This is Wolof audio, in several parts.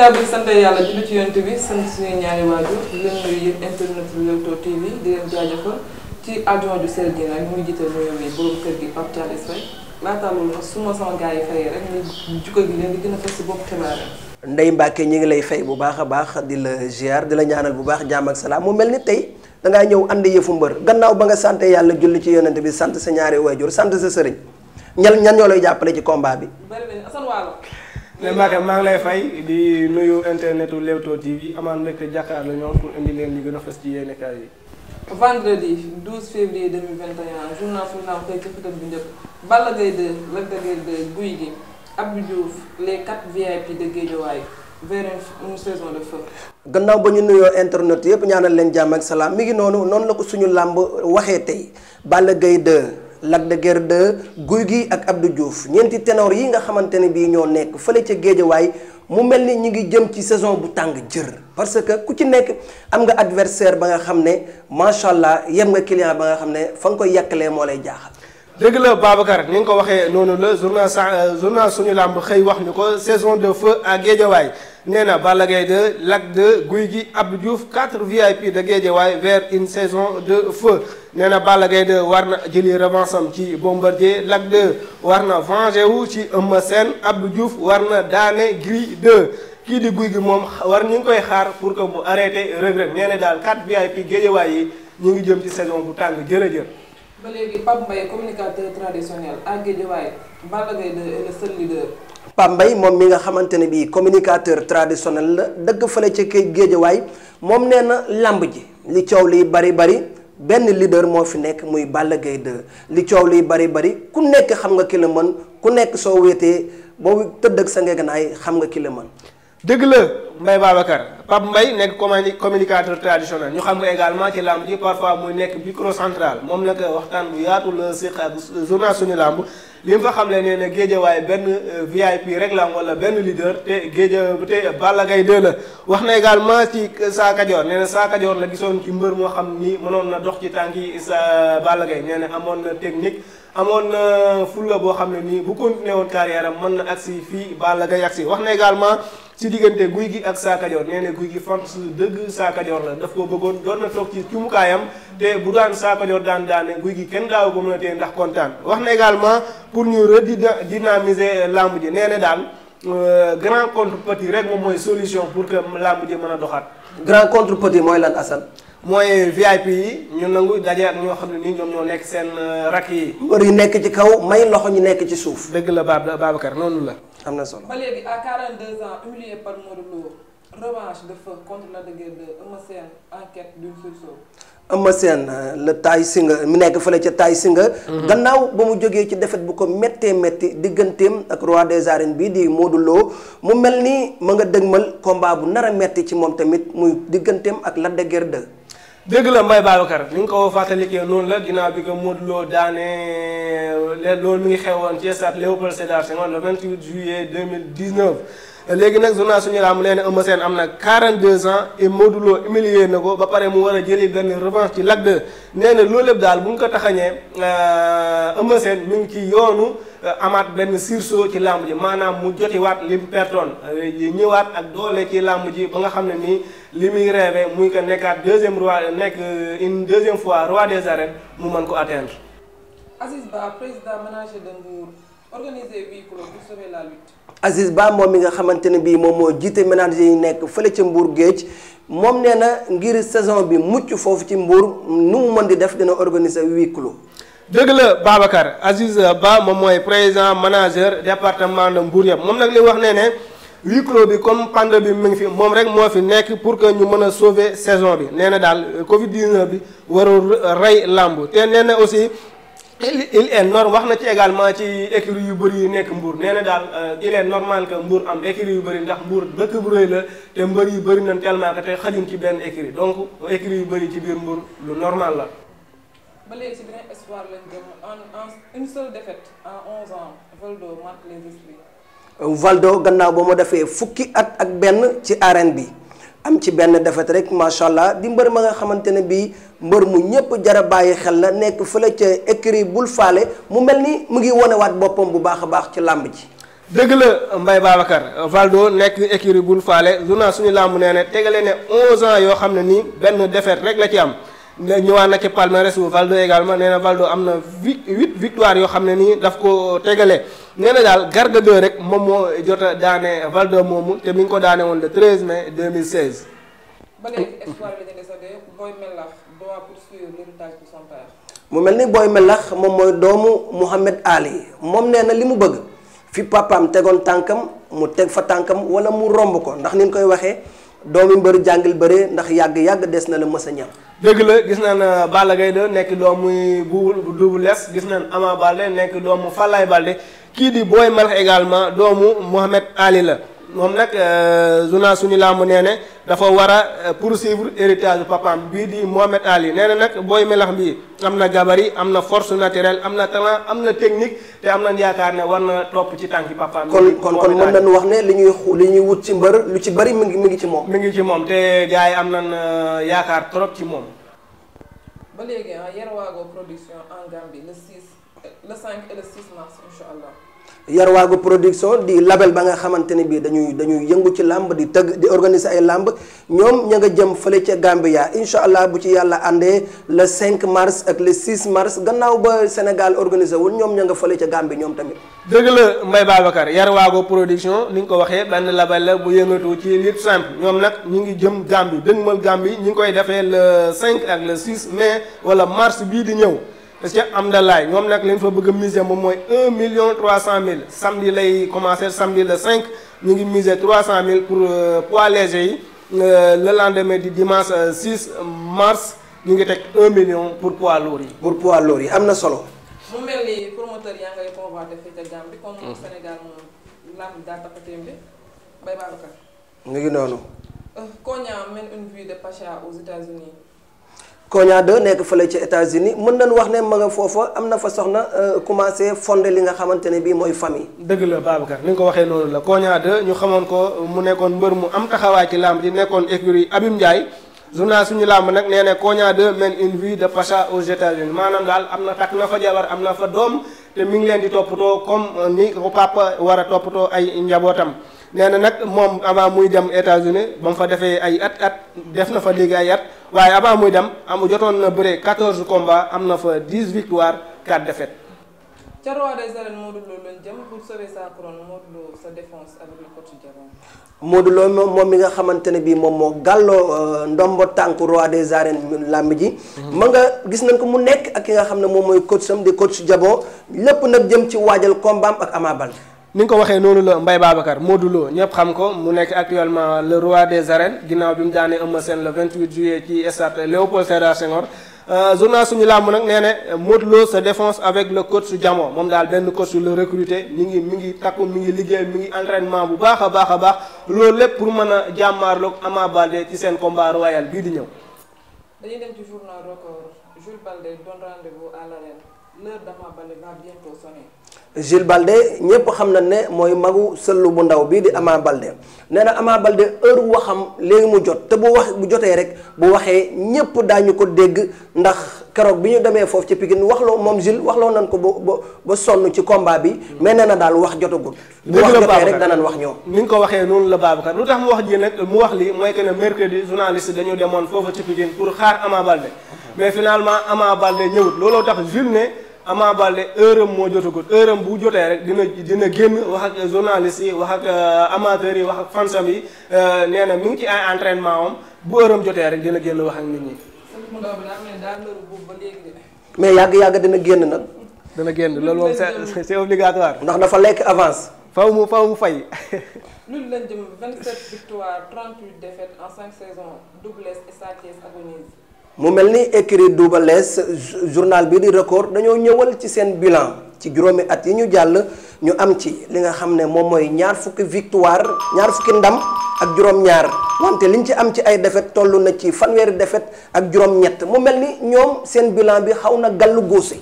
ginnaaw bi sant yàlla julli ci yonent bi sant suñuy ñaari waajur di leen ñu ngi lay fay bu baax a baax di la ziar di la ñaanal bu baax jàmm ak salaam mu mel ni tey da ngaa ñëw ànd yëfu mbër ba nga sant yàlla julli ci yonent bi sant sa ñaari waajur sant sa sëriñ ñan ñan ñoo lay jàppale ci combat bi mais Mbacke maa ngi lay fay di nuyu internetu Leewtoo TV amaan mbégte jàkkaarloo ñoom pour indi leen li na a fës ci yéen kaay yi. vendredi 12 février 2021 journal suñu naan xëy ci xëtam bu de Guiers 2 Gouye Gui VIP de Guédiawaye vers gannaaw ba ñu nuyoo internet yëpp ñaanal leen jàmm ak salaam mi ngi noonu noonu la ko suñu làmb waxee tey Balla Gaye 2. Lac de Guiers 2 Gouye ak Abdou Diouf ñeenti ténor yi nga xamante ne bii ñoo nekk fële ci géejawaay mu mel ni ñu ngi jëm ci saison bu tàng jër parce que ku ci nekk am nga adversaire ba nga xam ne macha allah yem nga client ba nga xam ne fa nga koy yàqalee moo lay jaaxal. dëgg la Babacar ni nga ko waxee noonu la journal sa euh, journal suñu làmb xëy wax ñu ko saison de feu à géejawaay nee na Balla Gaye 2 guy 2 ab Gui Abdou Diouf 4 VIP de Guédiawaye vers une saison de feu nee na Balla Gaye war na jëli revanche ci Bombardier Lac 2 war na venger wu ci Eumeu seen ab Diouf war na daane Gris 2 kii di guy gi moom war ñu ngi koy xaar pour que mu arrêté Reug Reug daal 4 VIP Guédiawaye yi ñu ngi jëm ci saison bu tàng jërëjër. ba léegi Pape Mbaye communicateur traditionnel à Guédiawaye Balla Gaye 2 leader. Pape mbay moom mi nga xamante ne bii communicateur traditionnel la dëgg fële ci kay géejawaay moom nee na làmb ji li coow liy bari bari benn leader moo fi nekk muy Balla Gaye 2 li coow liy bari bari ku nekk xam nga ki la mën ku nekk soo wéetee boo tëdd ak sa ngeeganaay xam nga ki la mën. dëgg la Mbaye Babacar Pape Mbaye nekk communi communicateur traditionnel ñu xam nga également ci làmb ji parfois muy nekk micro central moom nag waxtaan bu yaatu la séq ak journal suñu làmb li mu fa xam ne nee na waaye benn euh, VIP rek la am wala benn leader te géeja te Balla Gaye 2 la wax na également ci Sa Kajoor nee na Sa Kajoor la gisoon ci mbër moo xam ni mënoon na dox ci tànk yi sa Balla Gaye nee na amoon na technique amoon na fulla boo xam ne nii bu continué woon carrière mën na agsi fii Balla Gaye agsi wax na également si diggante guy gi ak Saa Kajoor nee na guy gi fan su dëgg Saa la daf ko bëggoon doon na toog ci cumukaayam te bu daan Saa Kajoor daan daane guy gi kenn daaw ko mën a ndax kontaan wax na également pour ñu redynamiser lamb ji nee na daal euh, grand contre petit rek moom mooy solution pour que lamb ji mën a doxaat. grand contre petit mooy lan Assane. mooy VIP yi ñu nangu daje ñoo xam ne nii ñoom ñoo nekk seen euh, rakk yi. mbër yi nekk ci kaw may loxo ñu nekk ci suuf. dëgg la Babacar noonu la. am na solo ba léegi à 42 ans humilié par Modou Lo de feu contre Lac de Guiers 2 Eumeu Sène en quête d'une la Tay Shinger mi nekk fële ca Tay Shinger. Mhm. gannaaw ba mu jógee ci défaite bu ko méttee métti digganteem ak roi des arènes bii di Modou Lo mu mel ni ma nga dëgmal combat bu nar a ci moom tamit muy digganteem ak Lac de Guiers dëgg la Mbaye Babacar ni ngi ko fàttalikee noonu la ginnaaw bi ko Modou Lo daane loolu mu ngi xewoon ci stade Léopold Sédar Senghor le 28 juillet 2019 léegi nag journal suñu laamu leen Eumeu Sène am na 42 ans et Modou Lo humilié na ko ba pare mu war a jëli benn revanche ci Lac 2 nee na loolu daal bu ñu ko taxañee euh, Eumeu Sène mi ngi ci yoonu. Euh, amaat benn sursaut ci làmb ji maanaam mu jotiwaat li mu pertoon euh, ñëwaat ak doole ci làmb ji ba nga xam ne nii li muy rêvé muy ko nekkaat deuxième roi nekk euh, une deuxième fois roi des arènes mu man ko atteindre. Aziz Ba moom mi nga xamante ne bii moom moo jiite manager yi nekk fële ca Mbour Géej. moom nee na ngir saison bi mucc foofu ci Mbour nu mu mën di def dina organiser huis clos dëgg la Babacar Aziz Ba moom mooy président manager département la Mbour yam moom nag li wax ne ne huis bi comme pandémie bi mu ngi fi moom rek moo fi nekk pour que ñu mën a sauver saison bi nee na daal Covid 19 bi warul rey làmb te nee na aussi il est normal wax na ci également ci écurie yu bëri yu nekk Mbour nee na daal euh, il est normal que Mbour am écurie yu bëri ndax Mbour dëkk bu rëy la te mbër yu bëri nañ tellement que te xajuñ ci benn écurie donc écurie yu bëri ci biir Mbour lu normal la. ba euh, Valdo gannaaw ba ma defee fukki at ak benn ci arène bi am ci benn défaite rek macha allah di mbër ma nga xamante ne bii mbër mu ñëpp jara bàyyi xel la nekk fële ca écrit bul faale mu mel ni mu ngi wonewaat boppam bu baax a baax ci làmb ji. dëgg la mbay Babacar Valdo nekk écurie bul faale journal suñu làmb nee ne tegale ne 11 ans yoo xam ne nii benn défaite rek la ci am la ñëwaat na ci palmarès bu Valdo également nee Valdo am na vi victoire yoo xam ne nii daf ko tegale nee daal Garga 2 rek moom moo jot a daane Valdo moomu te mi ngi ko daane woon le 13 mai 2016. ba léegi espoir la ñu desatee mu mel ni Boy Melax moom mooy doomu Mouhamed Ali moom nee na li mu bëgg fi papaam tegoon tànkam mu teg fa tànkam wala mu romb ko ndax ni koy waxee. doomi mbër jàngil bëre ndax yàgg-yàgg des na la mës a ñam dëgg la gis naan Balla Gaye da nekk doomu bu Double Less gis naan Ama Baldé nekk doomu Falaye Baldé kii di Boy Malx également doomu Mohamed Ali la moom nag euh, journal suñu làmb nee ne dafa war a euh, poursuivre héritage papaam bii di Mohamed Ali nee na nag booy melax bi am na gabari am na force naturelle am na talent am na technique te am nañ yaakaar ne war na topp ci tànki papaam. kon kon kon mën nañu wax ne li ñuy li ñuy wut ci mbër lu ci bëri mi ngi mi ngi ci moom. mi ngi ci moom te gars am na euh, yaakaar trop ci moom. ba léegi ah Yerwago production en Gambie le 6 le 5 mars incha allah. Yarwago production di label ba nga xamante ne bii dañuy dañuy yëngu ci làmb di tëgg di organiser ay làmb ñoom ña nga jëm fële ca Gambia incha allah bu ci yàlla àndee le 5 mars ak le 6 mars gannaaw ba Sénégal organiser wul ñoom ña nga fële ca Gambie ñoom tamit. dëgg la Mbaye Babacar Yarwago production ni nga ko waxee benn label la bu yëngatu ci lutte simple ñoom nag ñu ngi jëm Gambie dëgmal Gambie ñu ngi koy defee le 5 ak le 6 mai wala mars bii di ñëw. que am da laay ñoom nag leen fa bëgg a miser moom mooy un million trois cent mille samedi lay commencé samedi le cinq ñu ngi miser trois cent mille pour euh, poids léger yi euh, le lendemain du dimanche 6 euh, mars ngi teg million pour poids lourds yi pour poids lourds yi am na solo mu mel ni promoteur yaa ngay convoité fii ca Gambie comme Sénégal moom lamb daa tapatéem bi Mbaye Babacar mu ngi noonu Konya mène une vie de pacha aux États-Unis Koña 2 nekk la ci États-Unis mën nañu wax ne ma foofa am na fa soxna euh, commencé fonde li nga xamante ne bii mooy famille. dëgg la Babacar ni nga ko waxee noonu la Koña 2 ñu xamoon ko mu nekkoon mbër mu am taxawaay ci làmb ji nekkoon écurie Abim Ndiaye journal suñu làmb nag nee na Koña 2 mène une vie de pacha aux États-Unis maanaam daal am na takk na fa jabar am na fa doom te mi ngi leen di toppatoo comme euh, ni ko papa war a toppatoo ay njabootam. nee na nag moom avant muy dem États-Unis ba mu fa defee ay at at def na fa léegi ay at waaye avant muy dem amu jotoon na bëre 14 combats am na fa 10 victoires 4 défaites. ca roi des arènes Modou Lo lañ jëm pour sauver sa couronne Modou Lo sa défense avec le coach Diabane. moom mi nga xamante ne bii moom moo gàlloo euh, ndombo tànku roi des arènes làmb ji. Mhm. ma nga gis nañ ko mu nekk ak ki nga xam ne moom mooy coach sam di coach Diabane lépp nag jëm ci waajal kombaam ak Ama Baldé. ni nga ko waxee noonu la Mbaye Babacar Modou Lo ñëpp xam ko mu nekk actuellement le roi des arènes ginnaaw bi mu daanee Eumeu Sène le 28 juillet ci stade Léopold Sédar Senghor euh, journal suñu làmb nag nee na Modou sa défense avec le coach su Jamo moom daal benn coach su la recruté mi ngi mi ngi takku mi ngi liggéey mi ngi entrainement bu baax a baax a baax loolu lépp pour mën a jàmmaarloog Ama Baldé ci seen combat royal bii di ñëw. dañuy dem ci journal record Jules Baldé donne rendez-vous à l'arène Jules Balde ñëpp xam na ne mooy magu sëllu bu ndaw bii di Ama Balde nee na Ama Balde heure waxam léegi mu jot te bu wax bu jotee rek bu waxee ñëpp daañu ko dégg ndax keroog bi ñu demee foofu ci wax waxloo moom wax loo nañ ko ba ba ba sonn ci combat bi. mais nee na daal wax jotagul. bu wax jotee rek danañ wax ñoom. ni nga ko waxee noonu la Babacar lu tax mu wax ji nag mu wax li mooy que ne mercredi journaliste dañu demoon foofu ci Pikine pour xaar Ama Balde mais finalement Ama Balde looloo tax Jules ne. Ama Baldé heure moo jotagut heure am bu jotee rek dina dina génn wax ak journaliste yi wax ak euh, amateurs yi wax ak fansam yi euh, nee na mi ngi ci ay entraînement am bu heure jotee rek dina génn wax ak nit ñi. mais yàgg yàgg dina génn nag. dana génn loolu moom c'est c'est obligatoire. ndax dafa lekk avance. faw mu faw mu fay. ñun lañ jëm 27 victoires 38 défaites en 5 saisons Double Less et mu mel ni écrit Double Less journal bi di record dañoo ñëwal ci seen bilan ci juróomi at yi ñu jàll ñu am ci li nga xam ne moom mooy ñaar fukki victoire ñaar fukki ndam ak juróom-ñaar wante liñ ci am ci ay défaite toll na ci fanweeri défaite ak juróom-ñett mu mel ni ñoom seen bilan bi xaw na gàllu góose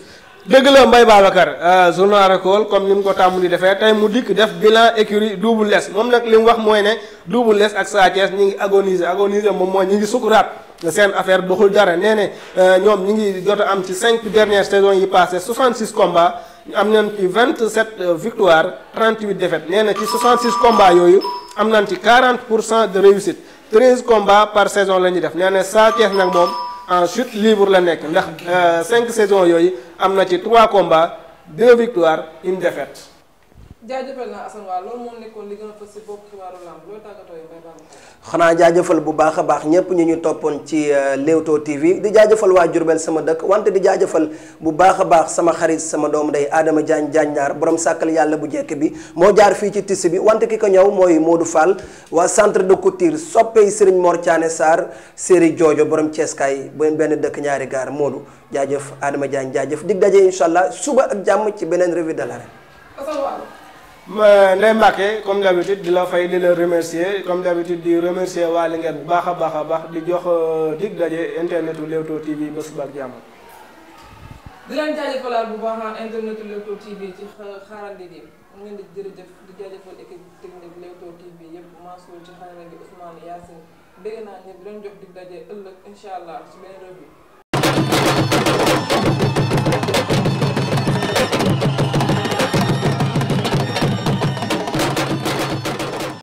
dëgg la Mbaye Babacar euh, journal Record comme ni mu ko tàmm di defee tey mu dikk def bilan écurie Double Less moom nag li mu wax mooy ne Double Less ak Sa Thiès ñi ngi agoniser agoniser moom mooy ñi ngi sukuraat seen affaire doxul dara nee ne euh, ñoom ñi ngi jot am ci cinq dernières saisons yi passé 66 combats am nañ ci 27 euh, victoires 38 défaites nee na ci 66 combats yooyu am na ci 40 pour cent de réussite 13 combats par saison la ñuy def nee na Sa Thiès nag moom. en chute libre la nekk ndax euh, cinq saisons yooyu am na ci trois combats deux victoires une défaite jaajëfal waaw loolu moo xanaa jaajëfal bu baax a baax ñëpp ñu ñu toppoon ci euh, Leewtoo TV di jaajëfal waa Jurbel sama dëkk wante di jaajëfal bu baax a baax sama xarit sama doom dey Adama Diagne Diagne ñaar borom sàkkal yàlla bu jekk bi moo jaar fii ci tiss bi wante ki ko ñëw mooy Modou Fall waa centre de couture soppee Serigne Mor Thiané Sarr Serigne Jojo borom Ceeskaay bu benn dëkk ñaari gaar Modou jaajëf Adama Diagne jaajëf dig daje incha suba ak jàmm ci beneen revue de l'arène Euh, Ndeye Mbacke comme d'habitude di la fay di la remercier comme d'habitude di remercier waa Linguère bu baax a baax a baax di jox euh, dig daje internet Leewtoo TV ba suba ak jàmm. di leen jaajëfalaat bu baax internetu Leewtoo TV ci xaarandi di mu ngi leen di jërëjëf di jaajëfal équipe technique Leewtoo TV yëpp Mansour ci xarala gi Ousmane Yacine dégg naa ñëpp di leen jox dig daje ëllëg incha allah ci beneen revue.